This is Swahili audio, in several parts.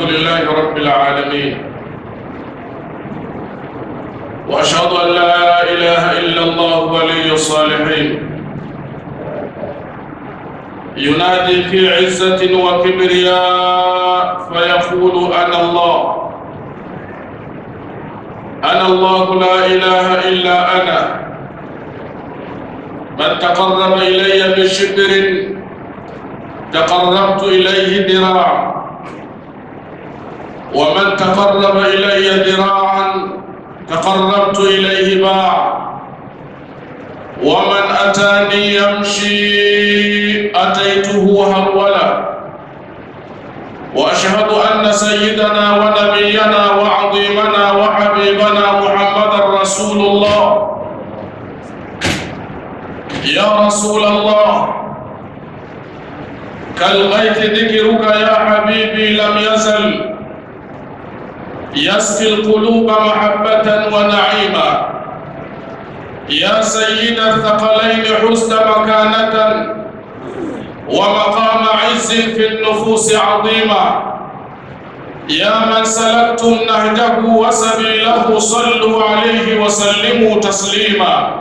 الحمد لله رب العالمين وأشهد أن لا إله إلا الله ولي الصالحين ينادي في عزة وكبرياء فيقول أنا الله أنا الله لا إله إلا أنا من تقرب إلي بشبر تقربت إليه ذراع ومن تقرب إلي ذراعا تقربت إليه باع ومن أتاني يمشي أتيته هرولا وأشهد أن سيدنا ونبينا وعظيمنا وحبيبنا محمدا رسول الله يا رسول الله كالغيث ذكرك يا حبيبي لم يزل يسقي القلوب محبة ونعيما يا سيد الثقلين حسن مكانة ومقام عز في النفوس عظيما يا من سلكتم نهجه وسبيله صلوا عليه وسلموا تسليما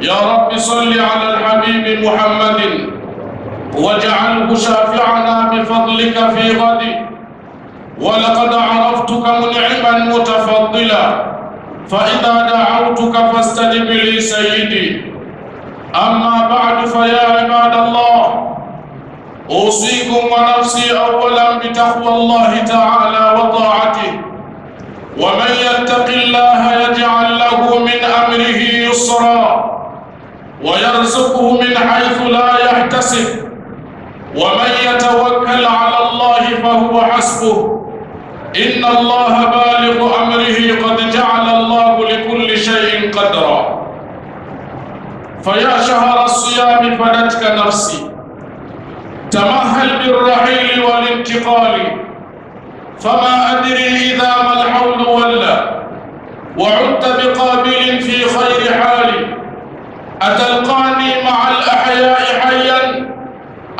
يا رب صل على الحبيب محمد واجعله شافعنا بفضلك في غد ولقد عرفتك منعما متفضلا فإذا دعوتك فاستجب لي سيدي أما بعد فيا عباد الله أوصيكم ونفسي أولا بتقوى الله تعالى وطاعته ومن يتق الله يجعل له من أمره يسرا ويرزقه من حيث لا يحتسب ومن يتوكل على الله فهو حسبه إن الله بالغ أمره قد جعل الله لكل شيء قدرا فيا شهر الصيام فدتك نفسي تمهل بالرحيل والانتقال فما أدري إذا ما الحول ولا وعدت بقابل في خير حال أتلقاني مع الأحياء حيا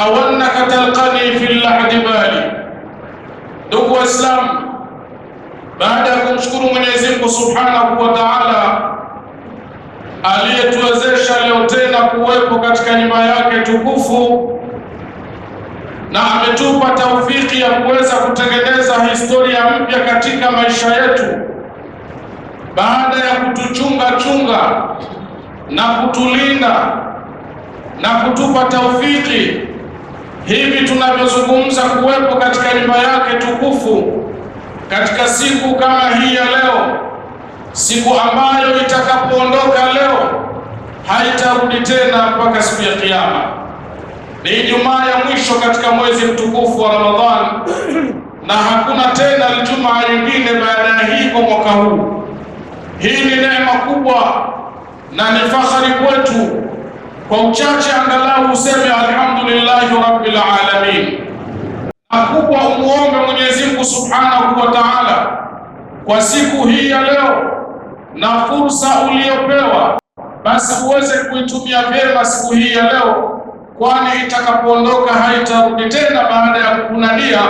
أو أنك تلقني في اللحد بالي Ndugu Waislamu, baada ya kumshukuru Mwenyezi Mungu Subhanahu wa Ta'ala aliyetuwezesha leo tena kuwepo katika nyumba yake tukufu na ametupa taufiki ya kuweza kutengeneza historia mpya katika maisha yetu, baada ya kutuchunga chunga na kutulinda na kutupa taufiki hivi tunavyozungumza kuwepo katika nyumba yake tukufu katika siku kama hii ya leo, siku ambayo itakapoondoka leo haitarudi tena mpaka siku ya Kiyama. Ni Ijumaa ya mwisho katika mwezi mtukufu wa Ramadhani na hakuna tena Ijumaa nyingine baada ya hii kwa mwaka huu. Hii ni neema kubwa na ni fahari kwetu kwa uchache angalau useme alhamdulillahi rabbil alamin, na kubwa umuombe Mwenyezi Mungu subhanahu wa taala kwa siku hii ya leo na fursa uliyopewa, basi uweze kuitumia vyema siku hii ya leo, kwani itakapoondoka haitarudi tena baada ya kukunadia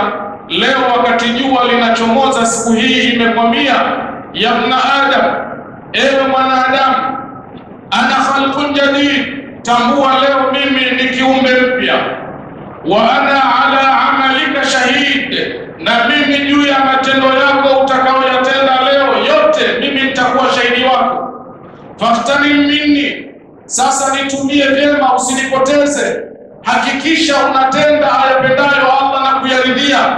leo. Wakati jua linachomoza siku hii imekwambia, ya ibna Adam, ewe mwanadamu, ana khalqun jadid tambua leo mimi ni kiumbe mpya. Wa ana ala amalika shahid, na mimi juu ya matendo yako utakaoyatenda leo yote mimi nitakuwa shahidi wako. Fahtani minni, sasa nitumie vyema, usinipoteze. Hakikisha unatenda ayapendayo Allah na kuyaridhia,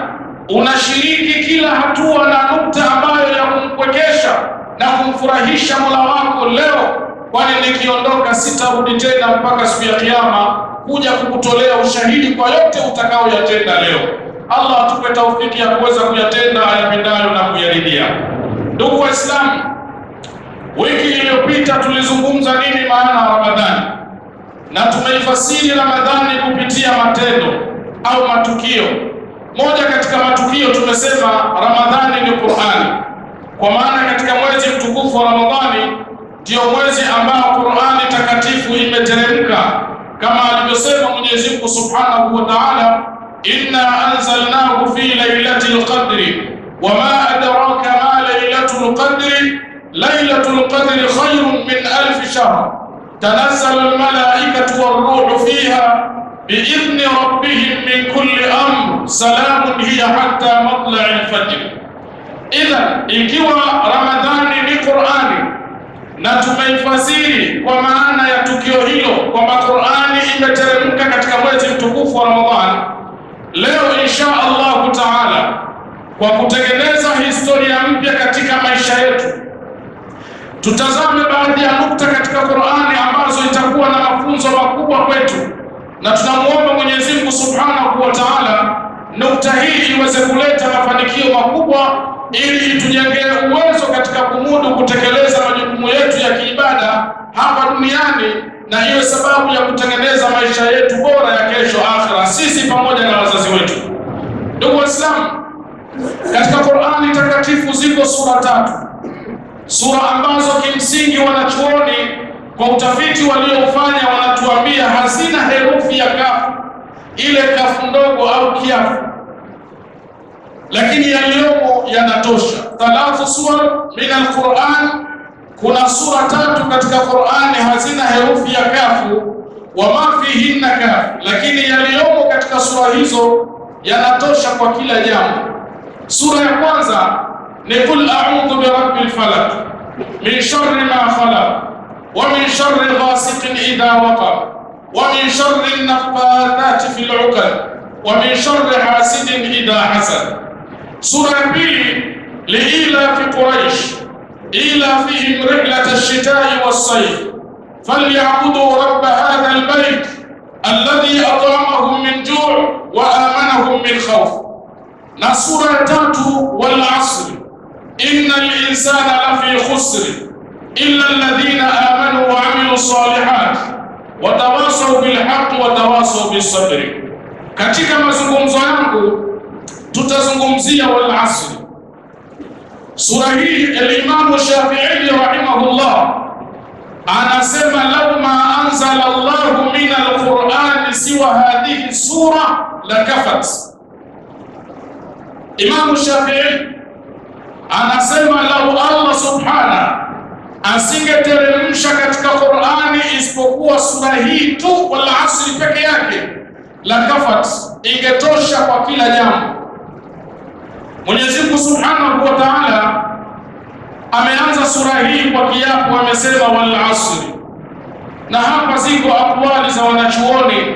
unashiriki kila hatua na nukta ambayo ya kumkwekesha na kumfurahisha Mola wako leo kwani nikiondoka sitarudi tena mpaka siku ya Kiyama kuja kukutolea ushahidi kwa yote utakaoyatenda leo. Allah atupe taufiki ya kuweza kuyatenda ayapendayo na kuyaridhia. Ndugu Waislamu, wiki iliyopita tulizungumza nini maana ya Ramadhani na tumeifasiri Ramadhani kupitia matendo au matukio. Moja katika matukio tumesema Ramadhani ni Qur'ani, kwa maana katika mwezi mtukufu wa Ramadhani ndiyo mwezi ambao Qur'ani takatifu imeteremka kama alivyosema Mwenyezi Mungu Subhanahu wa Ta'ala, inna anzalnahu fi lailatil qadri wa ma adraka ma laylatul qadri laylatul qadri khayrun min alf shahr tanazzalu al malaikatu war ruhu fiha bi idhni rabbihim min kulli amr salamun hiya hatta al fajr. Idhan, ikiwa Ramadhani ni Qur'ani na tumeifasiri kwa maana ya tukio hilo kwamba Qur'ani imeteremka katika mwezi mtukufu wa Ramadhani. Leo insha Allahu taala, kwa kutengeneza historia mpya katika maisha yetu, tutazame baadhi ya nukta katika Qur'ani ambazo itakuwa na mafunzo makubwa kwetu, na tunamuomba Mwenyezi Mungu Subhanahu wa Ta'ala nukta hii iweze kuleta mafanikio makubwa ili tujengee uwezo katika kumudu kutekeleza majukumu yetu ya kiibada hapa duniani, na hiyo sababu ya kutengeneza maisha yetu bora ya kesho akhira, sisi pamoja na wazazi wetu. Ndugu Waislamu, katika Qur'ani takatifu ziko sura tatu, sura ambazo kimsingi wanachuoni kwa utafiti waliofanya wanatuambia hazina herufi ya kafu, ile kafu ndogo au kiafu lakini yaliyopo yanatosha. Thalathu sura min alquran, kuna sura tatu katika Qurani hazina herufi ya kafu. Wama fihinna kafu, lakini yaliyopo katika sura hizo yanatosha kwa kila jambo. Sura ya kwanza ni qul a'udhu bi rabbil falaq min sharri ma khalaq wa min sharri ghasiqin idha waqab wa min sharri an-nafathati fil 'uqad wa min sharri hasidin idha hasad sura ya pili liilafi Quraish ilafihim rihlata ash-shita'i was-sayf falyabudu rabb hadha al-bayt alladhi at'amahum min ju' wa amanahum min khawf na sura ya tatu wal asr innal insana lafi khusr إلا الذين آمنوا وعملوا الصالحات وتواصوا بالحق وتواصوا بالصبر katika mazungumzo yangu tutazungumzia wal asr. Sura hii Alimamu Shafi'i rahimahullah anasema lau ma anzala Allahu min alqurani siwa hadhihi sura la kafat. Imamu Shafi'i anasema lau Allah subhana asingeteremsha katika Qurani isipokuwa sura hii tu, wal asri peke yake, la kafat, ingetosha kwa kila jambo Mwenyezi Mungu Subhanahu wa Ta'ala ameanza sura hii kwa kiapo, amesema wal asri, na hapa ziko akwali za wanachuoni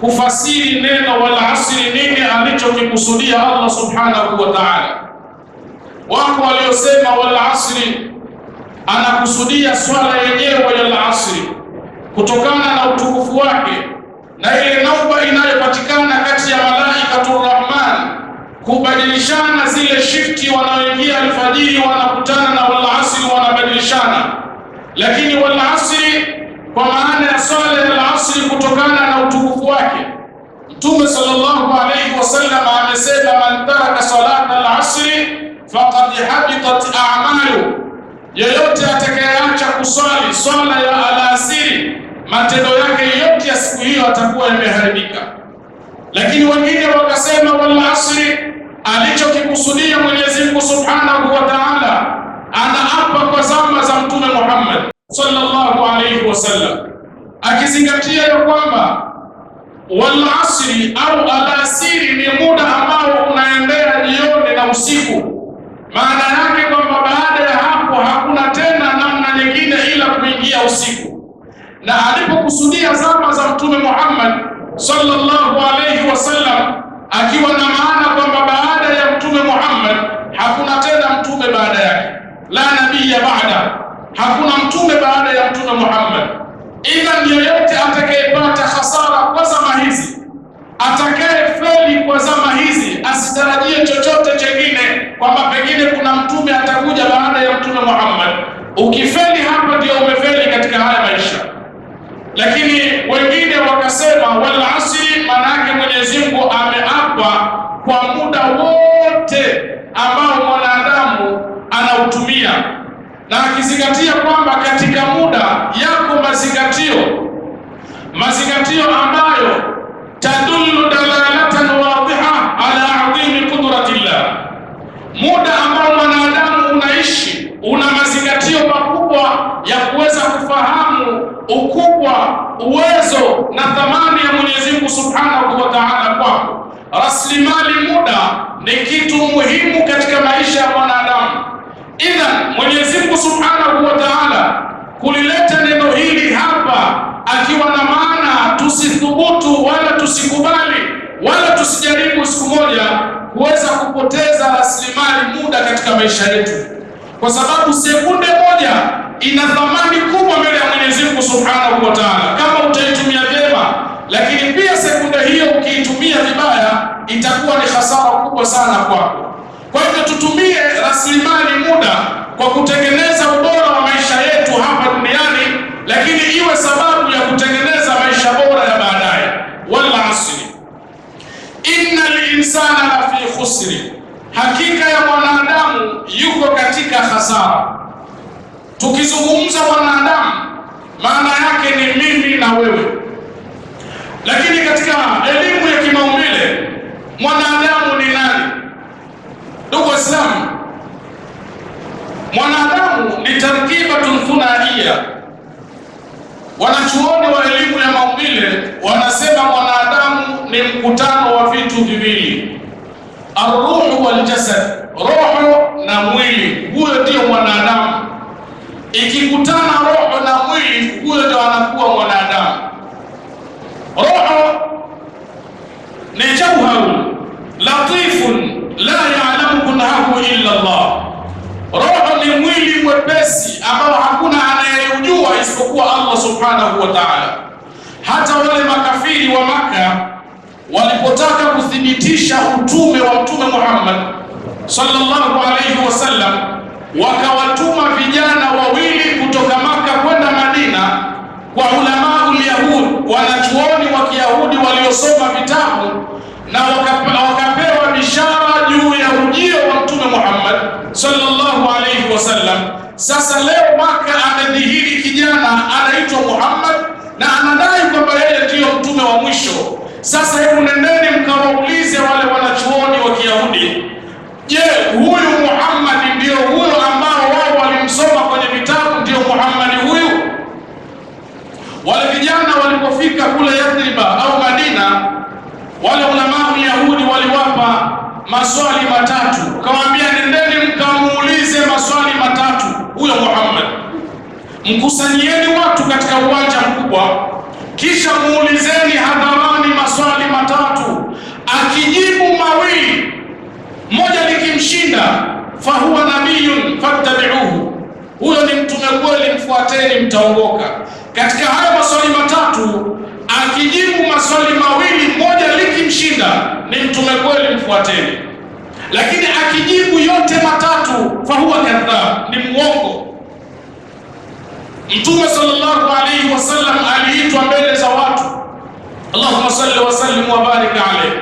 kufasiri neno wal asri, nini alichokikusudia Allah Subhanahu wa Ta'ala. Wako waliosema wal asri anakusudia swala yenyewe ya al asri kutokana na utukufu wake na ile nauba inayopatikana alfajiri wanakutana na walasiri wanabadilishana, lakini walasiri kwa maana ya swala ya alasiri kutokana na utukufu wake Mtume sallallahu alayhi wasallam amesema, man taraka salata alasiri faqad habitat a'malu, yeyote atakayeacha kuswali swala ya alasiri matendo yake yote ya siku hiyo atakuwa yameharibika. Lakini wengine wakasema walasiri alichokikusudia Mwenyezi Mungu Subhanahu wa Ta'ala, anaapa kwa zama za Mtume Muhammad sallallahu alayhi wasallam, akizingatia ya kwamba wal asri au alasiri ni muda ambao unaendea jioni na usiku. Maana yake kwamba baada ya hapo hakuna tena namna nyingine ila kuingia usiku, na alipokusudia zama za Mtume Muhammad sallallahu alayhi wasallam akiwa na maana la nabiyya ba'da, hakuna mtume baada ya mtume Muhammad. Idhan, yoyote atakayepata hasara kwa zama hizi, atakayefeli kwa zama hizi, asitarajie chochote chengine, kwamba pengine kuna mtume atakuja baada ya mtume Muhammad. Ukifeli hapa, ndio umefeli katika haya maisha. Lakini wengine wakasema wal asri, maana yake Mwenyezi Mungu ameapa kwa muda wote ambao anautumia, na akizingatia kwamba katika muda yako mazingatio mazingatio ambayo tadullu dalalatan wadiha ala adhimi qudratillah, muda ambao mwanadamu unaishi una mazingatio makubwa ya kuweza kufahamu ukubwa, uwezo na thamani ya Mwenyezi Mungu Subhanahu wa Ta'ala kwako. Rasilimali muda ni kitu muhimu katika maisha ya mwanadamu idha Mwenyezi Mungu Subhanahu wa Ta'ala kulileta neno hili hapa akiwa na maana tusithubutu wala tusikubali wala tusijaribu siku moja kuweza kupoteza rasilimali muda katika maisha yetu, kwa sababu sekunde moja ina thamani kubwa mbele ya Mwenyezi Mungu Subhanahu wa Ta'ala kama utaitumia vyema, lakini pia sekunde hiyo ukiitumia vibaya itakuwa ni hasara kubwa sana kwako. Kwa hivyo tutumie rasilimali muda kwa kutengeneza ubora wa maisha yetu hapa duniani, lakini iwe sababu ya kutengeneza maisha bora ya baadaye. wala asri inna linsana lafi khusri, hakika ya mwanadamu yuko katika hasara. Tukizungumza mwanadamu, maana yake ni mimi na wewe, lakini katika elimu ya kimaumbile mwanadamu Ndugu Waislamu, mwanadamu ni tarkibatun thunaiya. Wanachuoni wa elimu ya maumbile wanasema mwanadamu ni mkutano wa vitu viwili, arruhu waljasad, roho na mwili. Huyo ndio mwanadamu. Ikikutana roho na mwili, huyo ndio anakuwa mwanadamu. Roho ni jauharu latifun la yaalamu kunahu illa Allah, roho ni mwili mwepesi ambao hakuna anayeujua isipokuwa Allah subhanahu wa ta'ala. Hata wale makafiri wa Maka walipotaka kuthibitisha utume wa Mtume Muhammad sallallahu alayhi wasallam, wakawatuma vijana wawili kutoka Maka kwenda Madina kwa ulama ulyahud, wanachuoni wa Kiyahudi waliosoma vitabu na wakapewa mishahara Muhammad sallallahu alayhi wasallam. Sasa leo Maka amedhihiri kijana anaitwa Muhammad na anadai kwamba yeye ndiyo mtume wa mwisho. Sasa hebu nendeni mkawaulize wale wanachuoni wa Kiyahudi, je, huyu Muhammad ndiyo huyo ambao wao walimsoma kwenye vitabu ndiyo Muhammad huyu? Wale vijana walipofika kule Yadriba au Madina, wale ulamaa Yahudi waliwapa maswali matatu, kawaambia mkusanyieni watu katika uwanja mkubwa, kisha muulizeni hadharani maswali matatu, akijibu mawili, moja likimshinda, fahuwa nabiyun fattabi'uhu, huyo ni mtume kweli, mfuateni, mtaongoka. Katika hayo maswali matatu, akijibu maswali mawili, moja likimshinda, ni mtume kweli, mfuateni. Lakini akijibu yote matatu, fahuwa kadhab, ni mwongo Mtume sallallahu alayhi wasallam aliitwa mbele za watu, Allahumma salli wa sallim wa barik alayhi.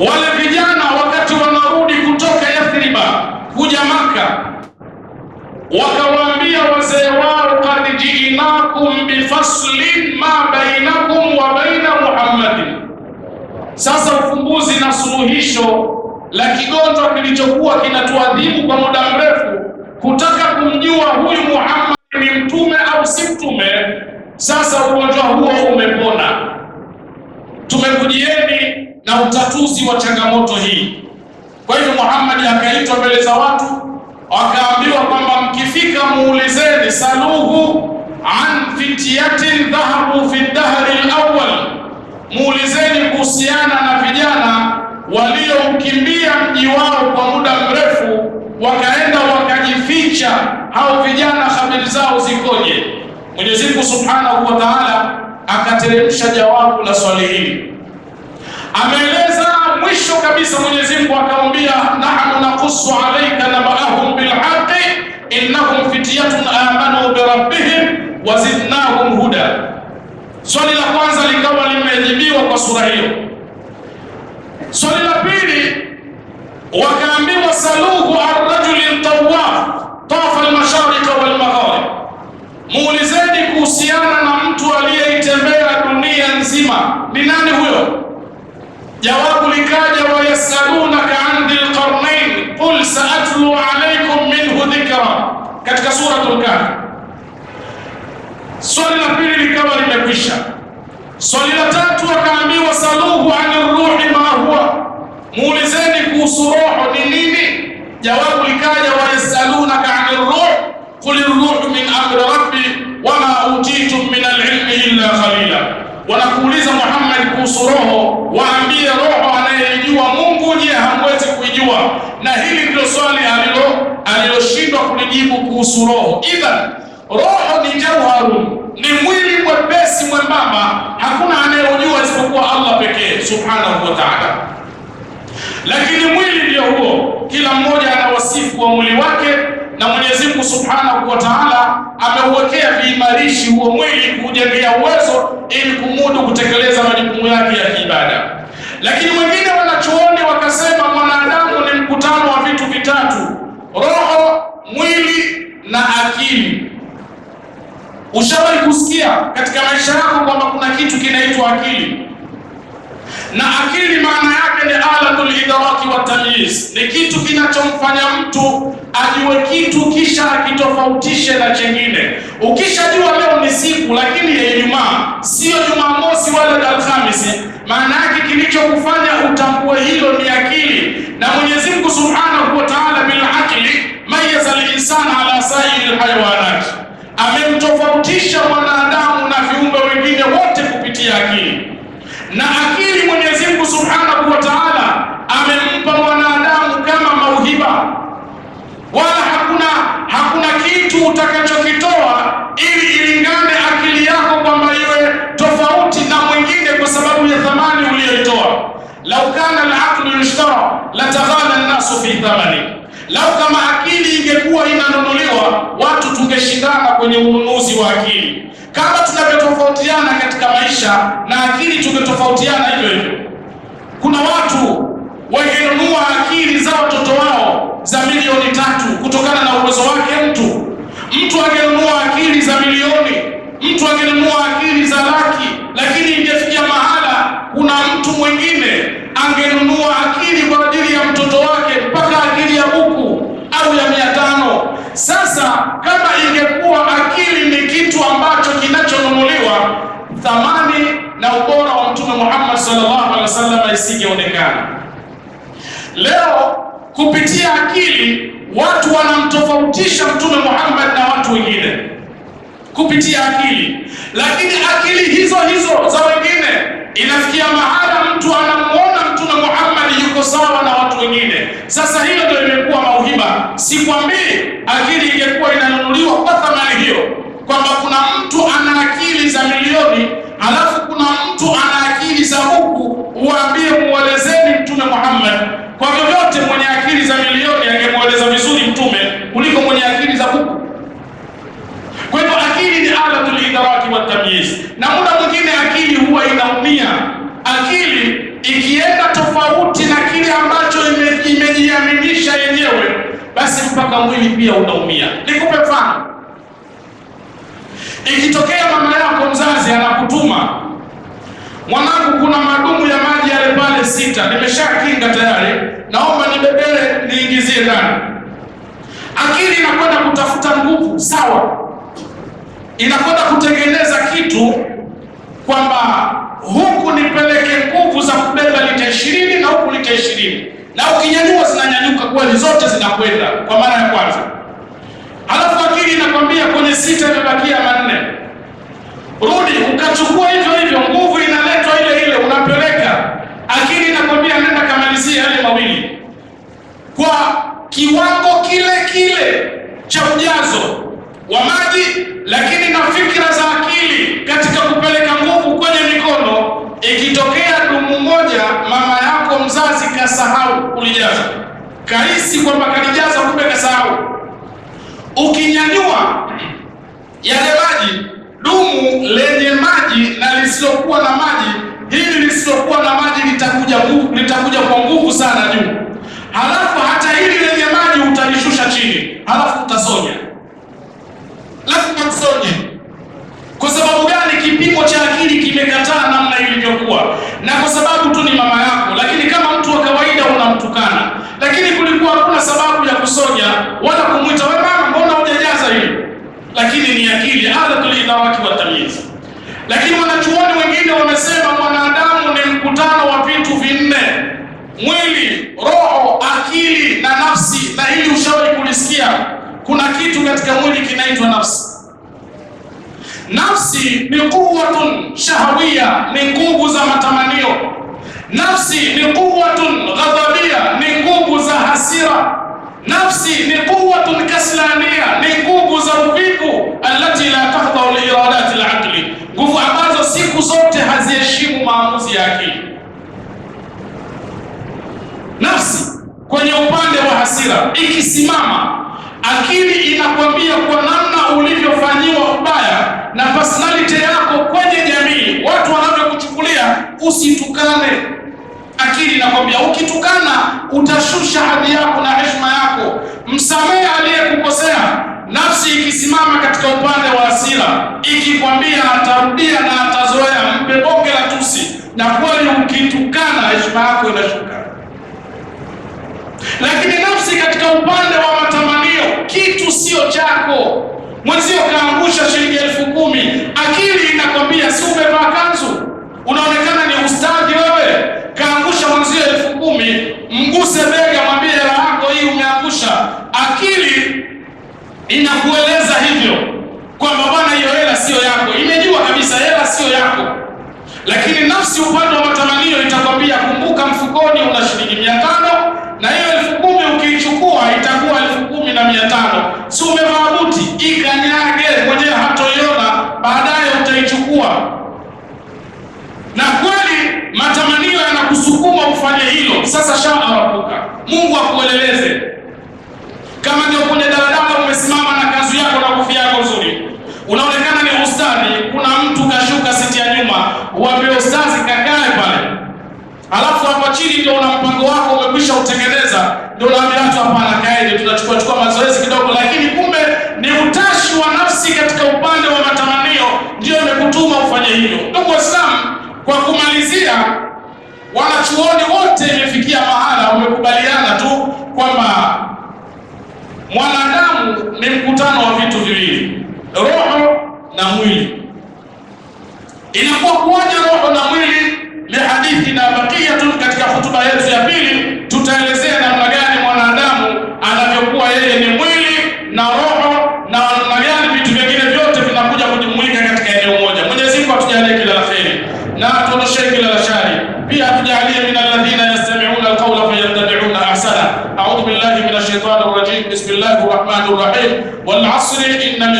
Wale vijana wakati wanarudi kutoka Yathriba kuja Maka, wakawaambia wazee wao, qad jiinakum bifaslin ma bainakum wa baina Muhammadin, sasa ufumbuzi na suluhisho la kigonjwa kilichokuwa kinatuadhibu kwa muda mrefu kutaka kumjua huyu Muhammad ni mtume au si mtume. Sasa ugonjwa huo umepona. Tumekujieni na utatuzi wa changamoto hii. Kwa hivyo Muhammad akaitwa mbele za watu, akaambiwa kwamba mkifika muulizeni, saluhu an fityatin dhahabu fi dahri lawal muulizeni kuhusiana na vijana walioukimbia mji wao kwa muda mrefu wakaenda wakajificha, hao vijana habari zao zikoje? Mwenyezi Mungu Subhanahu wa Ta'ala akateremsha jawabu la swali hili, ameeleza mwisho kabisa. Mwenyezi Mungu akamwambia, nahnu nakusu alayka nabahum bilhaqi innahum fityatun amanu birabbihim wazidnahum huda. Swali la kwanza likawa limejibiwa kwa sura hiyo. Swali la wakaambiwa saluhu arrajuli tawaf tafa almasharika walmagharib, muulizeni kuhusiana na mtu aliyeitembea dunia nzima. Ni nani huyo? Jawabu likaja, wayasalunaka an dhil qarnain qul saatlu alaykum minhu dhikra, katika suratul Kahf. Swali la pili likawa limekwisha. Swali la tatu akaambiwa saluhu ani ruhi ma huwa muulizeni kuhusu roho ni nini? Jawabu likaja, wayasalunaka ani ruh kuli ruhu min amri rabbi wama utitum min alilmi illa qalila, wanakuuliza Muhammad kuhusu roho, waambie roho anayejua Mungu, je hamwezi kuijua? Na hili ndilo swali alilo aliloshindwa kulijibu kuhusu roho. Idhan roho ni jawharu ni mwili mwepesi mwembamba, hakuna anayeujua isipokuwa Allah pekee subhanahu wa ta'ala lakini mwili ndio huo, kila mmoja ana wasifu wa mwili wake, na Mwenyezi Mungu Subhanahu wa Ta'ala ameuwekea viimarishi huo mwili kuujengea uwezo ili kumudu kutekeleza majukumu yake ya kiibada. Lakini wengine wanachuoni wakasema mwanadamu ni mkutano wa vitu vitatu: roho, mwili na akili. Ushawahi kusikia katika maisha yako kwamba kuna kitu kinaitwa akili? Na akili maana yake ni Alkhamis ni kitu kinachomfanya mtu ajue kitu kisha akitofautishe na chengine. Ukishajua leo ni siku lakini ya Ijumaa siyo Jumamosi wala Alhamisi, maana yake kilichokufanya utambue hilo ni akili, na Mwenyezi Mungu Subhanahu wa Ta'ala, bil akli mayyaza al-insana ala al hayawanat, amemtofautisha mwanadamu na viumbe wengine wote kupitia akili, na akili Mwenyezi Mungu Subhanahu wa Ta'ala amempa utakachokitoa ili ilingane akili yako kwamba iwe tofauti na mwingine kwa sababu ya thamani uliyoitoa. Lau kana alaqlu aqlu yushtara lataghala an-nasu fi thamani, lau kama akili ingekuwa inanunuliwa watu tungeshindana kwenye ununuzi wa akili, kama tunavyotofautiana katika maisha na akili tumetofautiana hivyo hivyo. Kuna watu wangenunua akili za watoto wao za milioni tatu kutokana na uwezo wake mtu Mtu angenunua akili za milioni, mtu angenunua akili za laki, lakini ingefikia mahala kuna mtu mwingine angenunua akili kwa ajili ya mtoto wake mpaka akili ya buku au ya mia tano. Sasa kama ingekuwa akili ni kitu ambacho kinachonunuliwa, thamani na ubora wa Mtume Muhammad sallallahu alaihi wasallam isingeonekana leo kupitia akili watu wanamtofautisha Mtume Muhammad na watu wengine kupitia akili, lakini akili hizo hizo za wengine inafikia mahala mtu anamuona Mtume Muhammad yuko sawa na watu wengine. Sasa hiyo ndio imekuwa mauhiba. Sikwambii akili ingekuwa inanunuliwa kwa thamani hiyo, kwamba kuna mtu ana akili za milioni alafu kuna mtu ana akili za huku, uambie kwa vyovyote mwenye akili za milioni angemweleza vizuri Mtume kuliko mwenye akili za kuku. Kwa hivyo akili ni alatul idraki wa tamyiz, na muda mwingine akili huwa inaumia. Akili ikienda tofauti na kile ambacho imejiaminisha ime yenyewe, basi mpaka mwili pia unaumia. Nikupe mfano, ikitokea mama yako mzazi anakutuma mwanangu, kuna madumu ya maji nambari sita nimeshakinga tayari, naomba nibebele niingizie ndani. Akili inakwenda kutafuta nguvu, sawa, inakwenda kutengeneza kitu kwamba huku nipeleke nguvu za kubeba lita ishirini na huku lita ishirini na ukinyanyua zinanyanyuka kweli, zote zinakwenda kwa mara ya kwanza. Alafu akili inakwambia kwenye sita imebakia manne, rudi ukachukua hivyo hivyo nguvu nakwambia, nenda kamalizia yale mawili kwa kiwango kile kile cha ujazo wa maji, lakini na fikra za akili katika kupeleka nguvu kwenye mikono. Ikitokea dumu moja mama yako mzazi kasahau, ulijaza kahisi kwamba kalijaza, kumbe kasahau. Ukinyanyua yale maji, dumu lenye maji na lisilokuwa na maji hili lisilokuwa na maji litakuja litakuja kwa nguvu sana juu, halafu hata hili lenye maji utalishusha chini, halafu utasonya, halafu utasonye. Kwa sababu gani? Kipimo cha akili kimekataa namna ilivyokuwa, na kwa sababu tu ni mama yako. Lakini kama mtu wa kawaida unamtukana, lakini kulikuwa hakuna sababu ya kusonya wala kumwita wewe, mama, mbona hujajaza hili? Lakini ni akili, hadha idaraki wa tamyiz. Lakini wanachuoni wengine wamesema mkutano wa vitu vinne: mwili, roho, akili na nafsi. Na hili ushawahi kulisikia? Kuna kitu katika mwili kinaitwa nafsi. Nafsi ni quwwatun shahawia, ni nguvu za matamanio. Nafsi ni quwwatun ghadabia, ni nguvu za hasira. Nafsi ni quwwatun kaslania, ni nguvu za uvivu, allati la tahdha liiradati alaqli nguvu ambazo siku zote haziheshimu maamuzi ya akili. Nafsi kwenye upande wa hasira ikisimama, akili inakwambia kwa namna ulivyofanyiwa ubaya na personality yako kwenye jamii, watu wanavyokuchukulia, usitukane akili nakwambia, ukitukana utashusha hadhi yako na heshima yako. Msamehe aliyekukosea, nafsi ikisimama katika upande wa hasira, ikikwambia atarudia na atazoea, mpe bonge la tusi, na kweli ukitukana heshima yako inashuka. Lakini nafsi katika upande wa matamanio, kitu sio chako, mwenzio kaangusha shilingi elfu kumi, akili inakwambia si umevaa kanzu unaonekana ni ustadi wewe, kaangusha mwanzio elfu kumi, mguse bega, mwambie hela yako hii umeangusha. Akili inakueleza hivyo kwamba bwana, hiyo hela siyo yako, imejua kabisa hela siyo yako, lakini nafsi upande wa matamanio itakwambia, kumbuka mfukoni una shilingi mia tano na hiyo elfu kumi ukiichukua itakuwa elfu kumi na mia tano si umevaa buti, ikanyage kwenye hatoiona baadaye utaichukua umeamua kufanya hilo, sasa sha arapuka. Mungu akueleleze kama ndio kwenye daladala umesimama na kazi yako na kofia yako nzuri, unaonekana ni ustadi kuna mtu kashuka siti ya nyuma, wape ustadi kakae pale, alafu hapo chini ndio una mpango wako umekwisha utengeneza, ndio unaambia watu hapana, ndio tunachukua chukua mazoezi kidogo, lakini kumbe ni utashi wa nafsi katika upande wa matamanio ndio imekutuma ufanye hilo Ndugu Waislamu, kwa kumalizia Wanachuoni wote imefikia mahala wamekubaliana tu kwamba mwanadamu ni mkutano wa vitu viwili, roho na mwili. Inakuwa kuwaje roho na mwili? Ni hadithi na tu katika hutuba yetu ya pili tutaeleza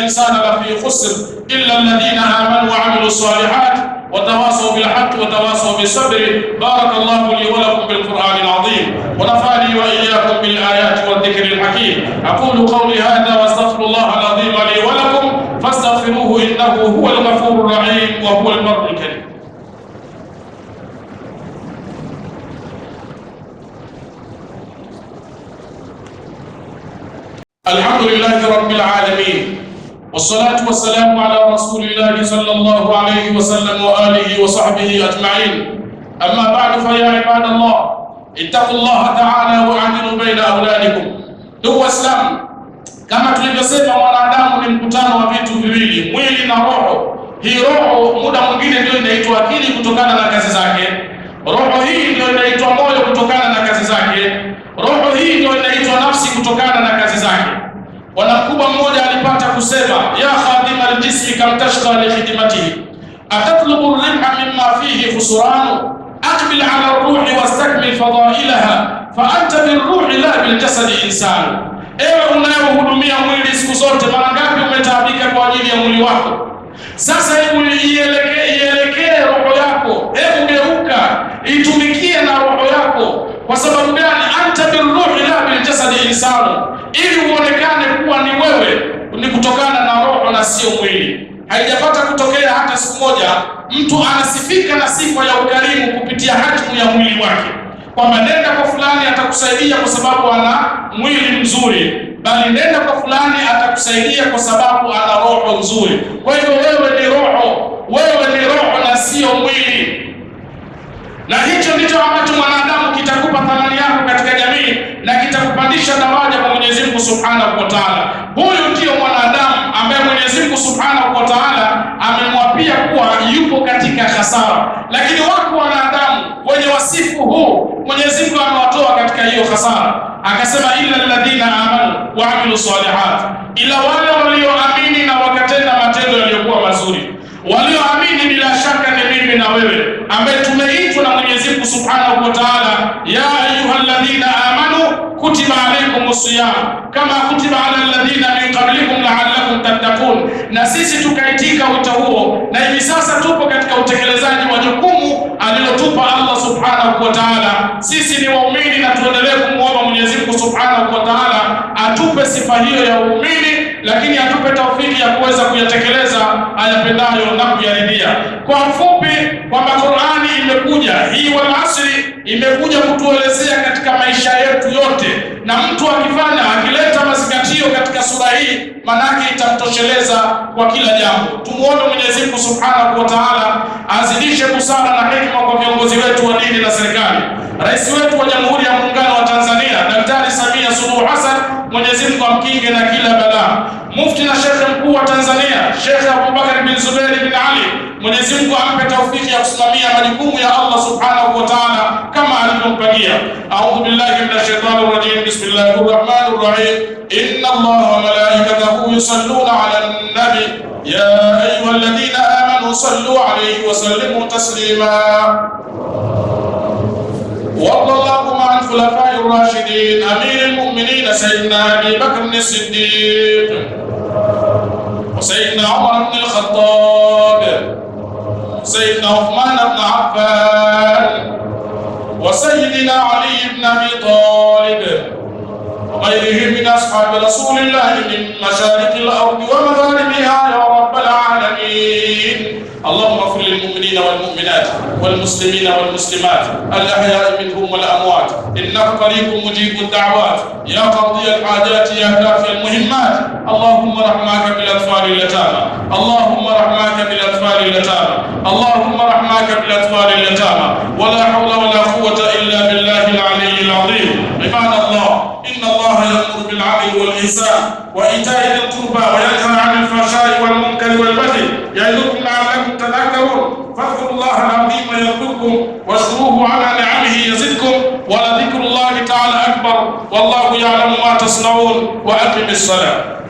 الإنسان لفي خسر إلا الذين آمنوا وعملوا الصالحات وتواصوا بالحق وتواصوا بالصبر بارك الله لي ولكم بالقرآن العظيم ونفعني وإياكم بالآيات والذكر الحكيم أقول قولي هذا واستغفر الله العظيم لي ولكم فاستغفروه إنه هو الغفور الرحيم وهو البر الكريم الحمد لله رب العالمين wassalatu wassalamu ala rasulillahi sallallahu alayhi wasallam wa alihi wa sahbihi ajma'in amma ba'du fa ya ibadallah ittaqullaha ta'ala wa adilu baina auladikum. Ndugu Waislamu, kama tulivyosema, mwanadamu ni mkutano wa vitu viwili, mwili na roho. Hii roho muda mwingine ndio inaitwa akili kutokana na kazi zake. Roho hii ndio inaitwa moyo kutokana na kazi zake. Roho hii ndio inaitwa nafsi kutokana na kazi zake. Bwana mkubwa mmoja alipata kusema, ya khadima aljismi kam tashqa li khidmatihi atatlubu rimha mimma fihi khusranu aqbil ala ruhi wastakmil fadailaha fa anta birruhi la biljasadi insanu, ewe unayohudumia mwili siku zote, mara ngapi umetaabika kwa ajili ya mwili wako? Sasa hebu ielekee roho yako, hebu geuka itumikie na roho yako. Kwa sababu gani? jasadi ili uonekane kuwa ni wewe ni kutokana na roho na sio mwili. Haijapata kutokea hata siku moja mtu anasifika na sifa ya ukarimu kupitia hajmu ya mwili wake, kwamba nenda kwa fulani atakusaidia kwa sababu ana mwili mzuri, bali nenda kwa fulani atakusaidia kwa sababu ana roho nzuri. Kwa hivyo wewe ni roho, wewe ni roho na sio mwili na hicho ndicho ambacho mwanadamu kitakupa thamani yako katika jamii na kitakupandisha daraja kwa Mwenyezi Mungu Subhanahu wa Ta'ala. Huyu ndiyo mwanadamu ambaye Mwenyezi Mungu Subhanahu wa Ta'ala amemwapia kuwa yupo katika hasara, lakini wako wanadamu wenye wasifu huu, Mwenyezi Mungu amewatoa katika hiyo hasara. Akasema, illa alladhina amanu wa amilu salihat, ila wale walioamini na wakatenda matendo yaliyokuwa mazuri. Walioamini bila shaka ni mimi na wewe ambaye tume Mwenyezi Mungu Subhanahu wa Ta'ala, ya alladhina amanu kutiba alaykumus siyam kama kutiba ala alladhina min qablikum la'allakum tattaqun. Na sisi tukaitika wito huo, na hivi sasa tupo katika utekelezaji wa jukumu alilotupa Allah Subhanahu wa Ta'ala. Sisi ni waumini na tuendelee kumwomba Mwenyezi Mungu Subhanahu wa Ta'ala atupe sifa hiyo ya uumini lakini atupe taufiki ya kuweza kuyatekeleza ayapendayo na kuyaridhia. Kwa ufupi kwamba Qur'ani imekuja hii wal asri, imekuja kutuelezea katika maisha yetu yote, na mtu akifanya akileta mazingatio katika sura hii, manake itamtosheleza kwa kila jambo. Tumuombe Mwenyezi Mungu Subhanahu wa Ta'ala azidishe busara na hekima kwa viongozi wetu wa dini na serikali. Rais wetu wa Jamhuri ya Muungano wa Tanzania Daktari Samia Suluhu Hassan, Mwenyezi Mungu amkinge na kila balaa. Mufti na Shekhe mkuu wa Tanzania Shekhe Abubakar bin Zuberi bin Ali, Mwenyezi Mungu ampe taufiki ya kusimamia majukumu ya Allah subhanahu wa taala kama alivyompangia. Audhu billahi minash shaitani rajim, bismillahi rahmani rahim, inna Allaha wa malaikatahu yusalluna ala nabi ya ayuha amanu sallu alayhi wa sallimu taslima وارض اللهم عن الخلفاء الراشدين امير المؤمنين سيدنا ابي بكر بن الصديق وسيدنا عمر بن الخطاب سيدنا عثمان بن عفان وسيدنا علي بن ابي طالب وغيره من أصحاب رسول الله من مشارق الأرض ومغاربها يا رب العالمين اللهم اغفر للمؤمنين والمؤمنات والمسلمين والمسلمات الاحياء منهم والاموات انك قريب مجيب الدعوات يا قاضي الحاجات يا كافي المهمات اللهم رحماك بالاطفال اليتامى اللهم رحماك بالاطفال اليتامى اللهم رحماك بالاطفال اليتامى ولا حول ولا قوه الا بالله العلي العظيم عباد الله ان الله يامر بالعدل والاحسان وايتاء ذي القربى وينهى عن الفحشاء والمنكر والبغي يا أيها لعلكم تذكرون فاذكروا الله العظيم يذكركم واشكروه على نعمه يزدكم ولذكر الله تعالى أكبر والله يعلم ما تصنعون وأقم الصلاة